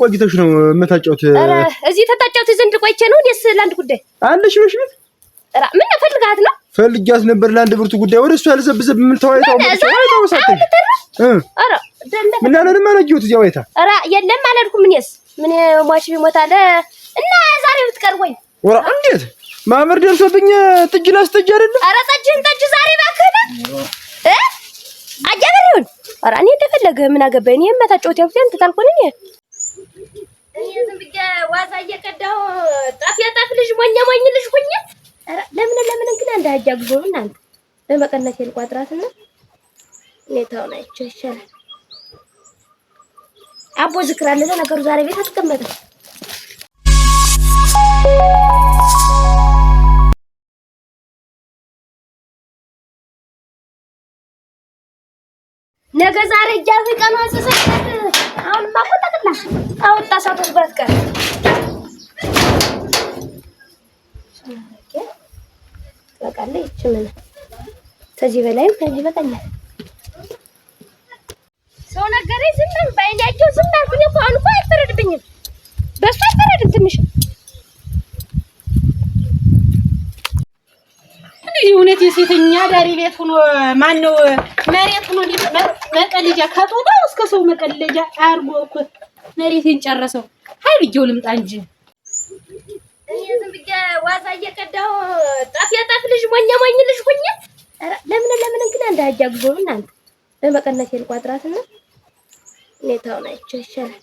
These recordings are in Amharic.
ቆይተሽ ነው የምታጫውት? እዚህ ተታጫውት ዘንድ ቆይቼ ነው ደስ ለአንድ ጉዳይ አለሽ በሽ ቤት ምን ፈልጋት ነው ፈልጊያት ነበር ለአንድ ብርቱ ጉዳይ ወደ እሱ ያልዘብዘብ ምን ተዋይታው ምን አለንም አላየሁት እዚያ ወይታ ኧረ የለም አላልኩም እኔስ ምን ሟች ቢሞት እና ዛሬ ብትቀር ወይ ወራ እንዴት ማመር ደርሶብኝ ጥጅ ላስጥጅ አይደለም ኧረ ጠጅህን ጠጅ ዛሬ እባክህ እ አጃበል ኧረ እኔ እንደፈለገ ምን አገባኝ እኔ የማታጫውት ያልኩት አንተ ታልኩኝ እኔ ዝም ብዬሽ ዋዛ እየቀዳሁ ጣፍ ያጣፍ ልጅ ሞኛ ሞኝ ልጅ ሁኜ ለምን ለምን እንግዲህ አንድ አጃ ጉዞ እናንተ በመቀነስ የልቋጥራትና ሁኔታውን አይቼው ይሻላል። አቦ ዝክር አለ ለነገሩ ዛሬ ቤት አትቀመጥም። ነገ ዛሬ እጃፍ ቀኗ ጽሰት ጨለማውን ማቆጣጥላ አወጣ ሳቶስባት ቀር በቃለ ይች ምን ከዚህ በላይም ከዚህ በቀኛል ሰው ነገሬ ዝም በይያቸው ዝም አልኩኝ እኮ አሁን እኮ አይፈረድብኝም በእሱ አይፈረድም ትንሽ እውነት የሴተኛ ዳሪ ቤት ሆኖ ማን ነው መሬት ሆኖ መቀለጃ ከጦታው እስከ ሰው መቀለጃ አርጎ እኮ መሬቴን ጨረሰው። ሀይ ብዬው ልምጣ እንጂ እኔ ዝም ብዬ ዋዛ እየቀዳሁ ጣፍ ያጣፍ ልጅ ሞኛ ሞኝ ልጅ ሆኜ ለምን ለምን ግን አንድ አጃ ጉዞ እናንተ በመቀነስ የልቋጥራትና ሁኔታውን አይቼ ይሻላል።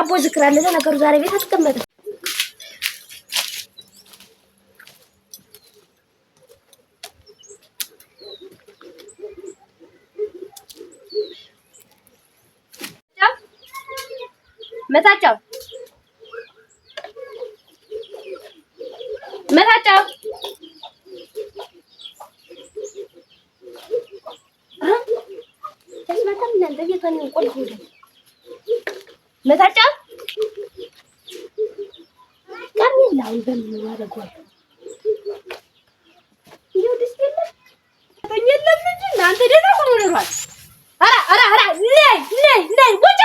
አቦ ዝክር አለ ዛሬ ቤት አስቀመጠ። መታጫው መታጫው መታጫው ቀሚላውን በምን ያደርጓል? ይኸው ደስ ይላል። ተኛለም እንጂ አንተ ደህና ሆኖ ኖሯል። አራ አራ አራ ነይ ነይ ነይ ወጭ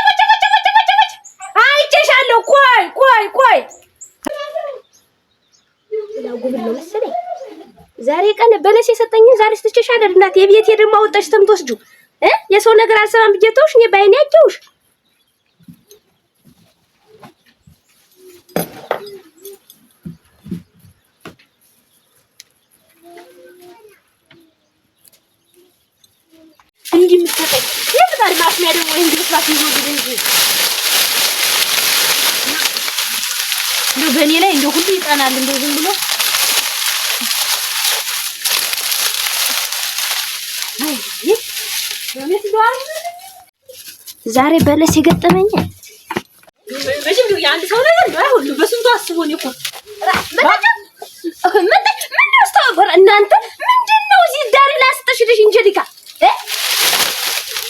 አለው። ቆይ ቆይ ቆይ ጉብል ነው መሰለኝ። ዛሬ ቀን በለስ የሰጠኝን ዛሬ ስትቸሽ አይደል እናቴ፣ የቤቴ ደግሞ አወጣሽ ተምትወስጁ እ የሰው ነገር አልሰማም ብዬሽ ተውሽ። እኔ ባይኔ ያየሁሽ እንዲህ የምትሰጠኝ የፍጣሪ ማስሚያ ደግሞ ይሄን ግልጽ ባትይዙ እንጂ ራሱ ይጠናል። እንደው ዝም ብሎ ዛሬ በለስ የገጠመኝ የአንድ ሰው ነገር ነው። ሁሉ በስንቱ አስቦ እኮ ምንድን ነው እዚህ ዳሪ እንጀሊካ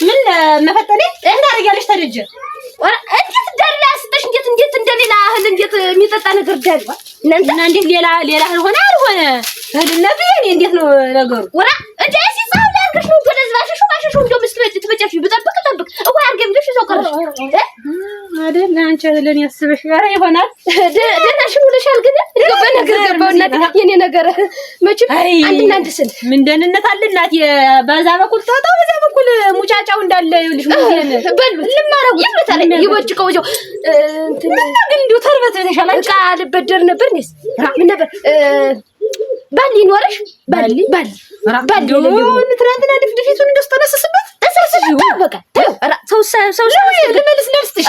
ምን መፈጠኔ እንዳደርጊያለሽ ተደጀ እንዴት ዳሪ ላስጠሽ እንዴት እንዴት እንደሌላ እህል እንዴት የሚጠጣ ነገር ዳሪ እናንተ እና እንዴት ሌላ ሌላ አልሆነ አልሆነ እህልና ብዬሽ እኔ እንዴት ነው ነገሩ? ወራ እንደ እዚህ ፀሐይ ላይ አድርገሽ ነው ገለዝባሽ ሹማሽ ሹም ደምስ ትበጭ ትበጫሽ ብጠብቅ ጠብቅ እኮ አድርገሽ ሰው ቀረሽ አይደል? አንቺ አይደል እኔ ያስብሽ ኧረ ይሆናል ደናሽ ሙለሻል። ግን ይገባ ነገር ገባው እናቴ፣ የኔ ነገር መቼም አንድና አንድ ስል ምን ደህንነት አለ እናቴ። በዛ በኩል ተወጣው፣ በዛ በኩል ሙጫጫው እንዳለ ይልሽ ምን ይሄን በሉ ልማረው ይመታል ይወጭ ቀውጆ እንትን ግን እንዲሁ ተርበት ተሻለ። አንቺ ልበደር ነበር ነስ ምን ነበር ባል ይኖርሽ ባል ባል ባል ትናንትና ድፍድፊቱን እንደው ስተነስስበት ተሰብስብ በቃ ሰው ሰው ልመልስ ነርስሽ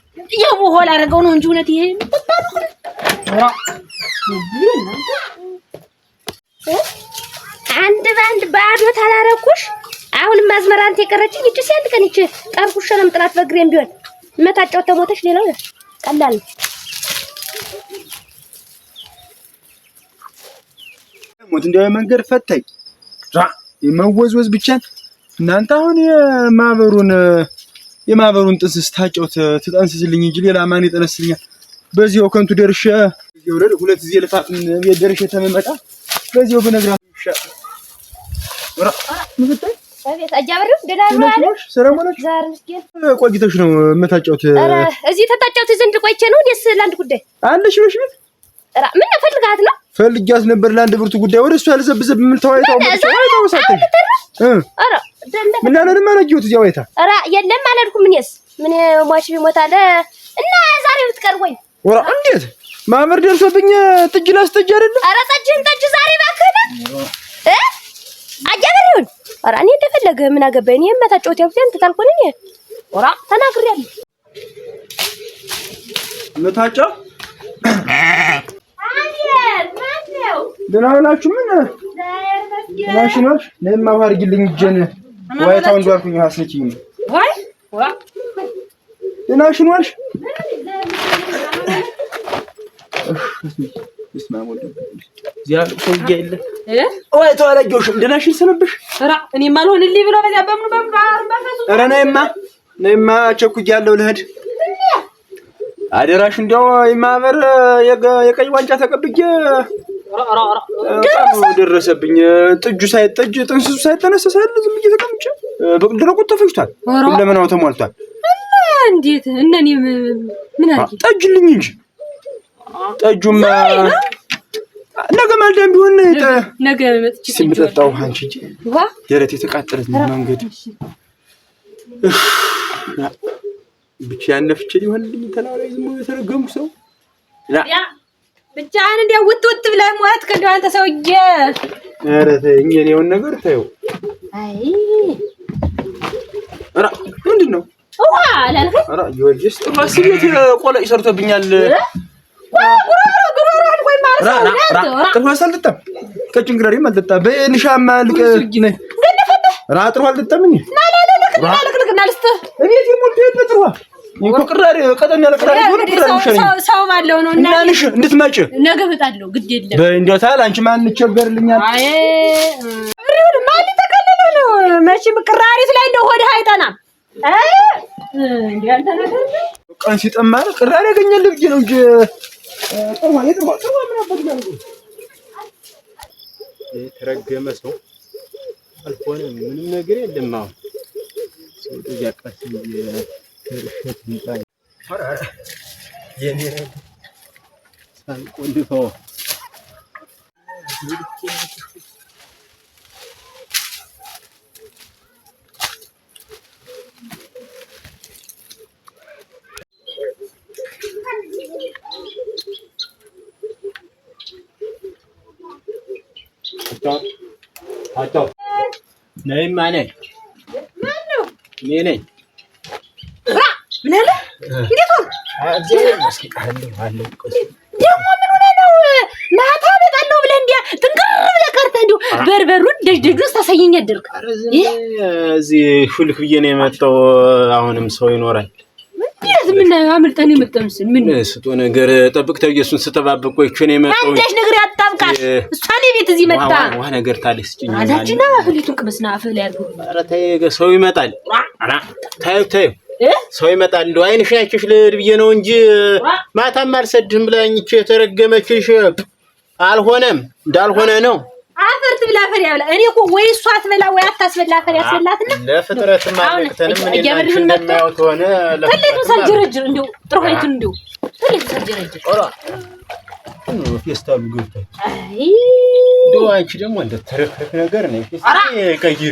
የቡሆ ላደረገው ነው እንጂ እውነት ይሄ አንድ በአንድ ባዶ ታላረኩሽ። አሁንም አዝመራ አንተ የቀረችኝ እቺ ሲያንድ ቀን እቺ ጠርኩሽ ነው ጥላት በግሬም ቢሆን መታጫው ተሞተሽ ሌላው ቀላል ነው። ሞት እንዲያው መንገድ ፈታኝ የመወዝወዝ ብቻ እናንተ አሁን የማህበሩን የማህበሩን ጥንስስ ታጨውት ትጠንስስልኝ እንጂ ሌላ ማን ይጠነስልኛል? በዚህው ከንቱ ደርሼ ይወረድ ሁለት ጊዜ ልፋት ቤት ደርሼ ተመመጣ በዚህው በነግራ ይሻል ወራ ምፍታይ ቆይተሽ ነው የምታጫውት? እዚህ ተታጫውት ዘንድ ቆይቼ ነው ደስ ለአንድ ጉዳይ አለሽ በሽ ቤት ምን ፈልጋት ነው? ፈልጊያት ነበር ለአንድ ብርቱ ጉዳይ። ወደ እሱ ያልዘብዘብ ምን ተዋይታው ምን ተዋይታው ሳትል ኧረ ምን አለንም አላየሁት እዚያው አይታ ኧረ የለም አላልኩም። እኔስ ምን ሟች ቢሞታል እና ዛሬ ብትቀር ወይ ወራ እንዴት ማመር ደርሶብኝ ጥጅ ላስጠጅ አይደለም። አረ ጠጅህን ጠጅ ዛሬ እባክህ እ አጃበር ይሁን ኧረ እኔ እንደፈለግህ ምን አገባኝ። እኔ የማታጫውት ያው እንትን ታልኩኝ እኔ ወራ ተናግሬያለሁ መታጫ ደህና ናችሁ? ምን ማሽኖች ለምን አዋርጊልኝ እጄን ዋይታው እንዳልኩኝ አስነኪኝ ወይ ዋ ደህና ሽኖሽ እኔማ አልሆንልኝ ብሎ በዚያ በምኑ በምኑ ኧረ ነይማ ነይማ ቸኩያለሁ ልሂድ አደራሽ እንዲያው የማህበር የቀይ ዋንጫ ተቀብዬ ደረሰብኝ። ጥጁ ሳይጠጅ ጥንስሱ ሳይጠነሰሰ ዝም ብዬ ተቀምጬ በቅል ደረቁት ተፈጅቷል። ለመናው ተሟልቷል። እንዴት እነኔ ምን አድርጌ ጠጅልኝ እንጂ ጠጁማ ነገ ማልዳም ቢሆን ነገ ስምጠጣው አንቺ ደረት የተቃጠለት መንገድ ብቻ ያነፍችል ሊሆን እንደሚተላው ላይ ዝም ብሎ የተረገሙ ሰው ብቻህን እንዲያው ውጥ ውጥ ብለህ ሞት ከእንዲሁ አንተ ሰውዬ፣ ኧረ ነገር ተይው። ኧረ ምንድን ነው ውሃ አላልከኝ? ኧረ ጊዮርጊስ ጥሩ ጥሩ አልጠጣም፣ ከጭንግረሪም ራ ጥሩ አልጠጣም። እኔ ልቅልቅና ልስጥህ እቤት የሞልቶ እኮ ቅራሪ ቀጠን ያለ ቅራሪ ሆነ ቅራሪ ነው። ሰው ባለው ነው እና አንሽ እንድትመጪ ነገ እመጣለሁ። ግድ የለም በእንዲያታል አንቺ ማን እንቸገርልኛል። አይ ማን ተከለለ ነው መቼም ቅራሪት ላይ እንደው ሆድህ አይጠናም። አይ ቀን ሲጠማ ቅራሪ ያገኛለህ ነው እንጂ ጥሩ ጥሩ ጥሩ ምን አባት የተረገመ ሰው አልሆነም። ምንም ነገር የለም አሁን ሰው ልጅ കൊണ്ടുപോ cho à cho này mai này mai này này ደግሞ ምን ሆነህ ነው? ናታ እመጣለሁ ብለህ እንዲያ ጥንቅር ብለህ ቀርተህ እንዲሁ በርበሩን ስታሳየኝ እዚህ ሹልክ ብዬ ነው የመጣው። አሁንም ሰው ይኖራል። እንዴት ምን አምልጠን ምን ነገር ጠብቅ ስተባበቅ ቆይቼ ነው የመጣው። አንዳች ነገር ያጣብቃል። እዚህ መጣ ዋ ነገር ስጭኝ አላችና ፍሊቱን ቅመስና አፍህ ላይ ኧረ ተይ ሰው ይመጣል። ተይው ተይው ሰው ይመጣል። እንደው አይንሽ አይችሽ ልሂድ ብዬ ነው እንጂ ማታም አልሰድህም ብላኝ እቺ የተረገመችሽ አልሆነም እንዳልሆነ ነው። አፈር ትብላ አፈር ያብላ። እኔ እኮ ወይ እሷ አትበላ ወይ አታስበላ አፈር ያስበላትና ለፍጥረት ማለክተንም ምን ይላል እንደማያው ተሆነ ለፍጥረት ሳልጀረጅር እንደው ጥሩይት እንደው ፍጥረት ሳልጀረጅር ኦራ ፌስታሉ ገብታች። አይ እንደው አንቺ ደግሞ እንደ ተረፈክ ነገር ነው ፌስታሉ ቀይሩ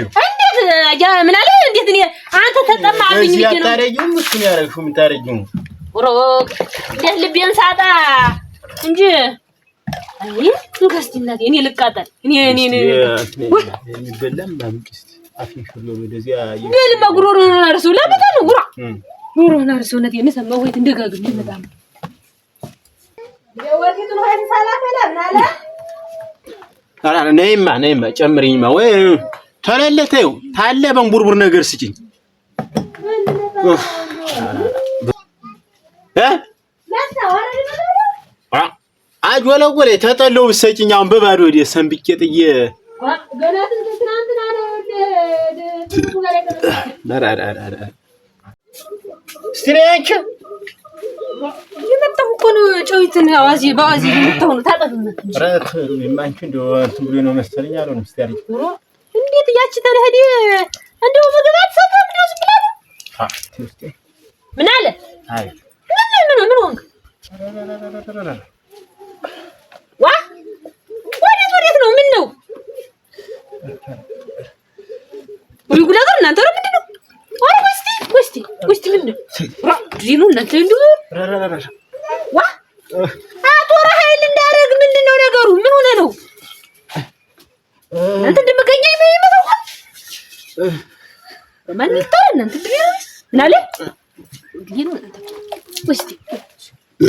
ምን አለ? እንዴት እኔ አንተ ተጠማብኝ ብዬ ነው ታረጁም እሱ ያረግሹም ታረጁም ወሮክ እንዴት ልቤን ሳጣ እንጂ አይ ንከስቲ እናቴ እኔ ልቃጠል እኔ እኔ እኔ የሚበላም ማምቅስ አፍን ሽሎ ወደዚያ ግን መጉሮሩን አርሱ ለምን ነው ጉራ ጉሮሩን አርሱ እናቴ እኔ ሰማሁ ወይ እንደጋግም ይመጣም የወርቂቱን ሆይ ሰላም ፈላ ናላ አራ ነይማ ነይማ ጨምሪኝማ ወይ ተለለተው ታለ በንቡርቡር ነገር ስጭኝ እ ተጠለው ብትሰጪኝ አሁን በባዶ ወደ ሰንብቄ ጥዬ የመጣሁ እኮ ነው። ጨዊትን አዋዜ በአዋዜ የመጣሁ ነው። ታውቃለህ ነው መሰለኝ አልሆነም። ያቺ ተረህዲ እንደው ምግብ አትሰጥም ነው ዝምላት። ምን አለ? አይ ምን ምን ወንክ ዋ ወዴት ወዴት ነው? ምን ነው ወይ ጉድ አገር እናንተ ነው ምንድን ነው? ኧረ ወስቲ ወስቲ ወስቲ ምን ነው ራ ዲኑ እናንተ እንደው ራ ራ ራ ዋ እናንተ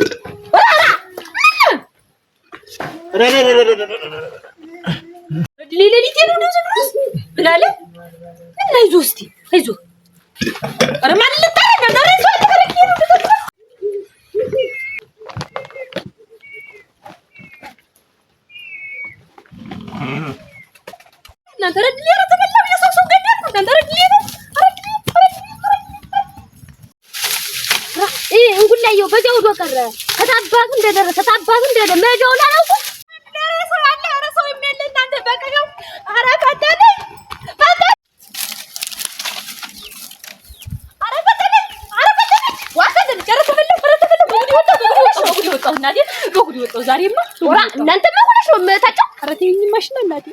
ረድሌ ነው ተበላው የሰው ሰው ገደል እናንተ ረድሌ ነው ሰውየው በዚያው ዶ ቀረ። ከታባቱ እንደደረሰ ከታባቱ እንደደረሰ መሄጃውን አላውቅም። እናንተማ ሁለሽ ነው የምታውቂው። ነው እናቴ፣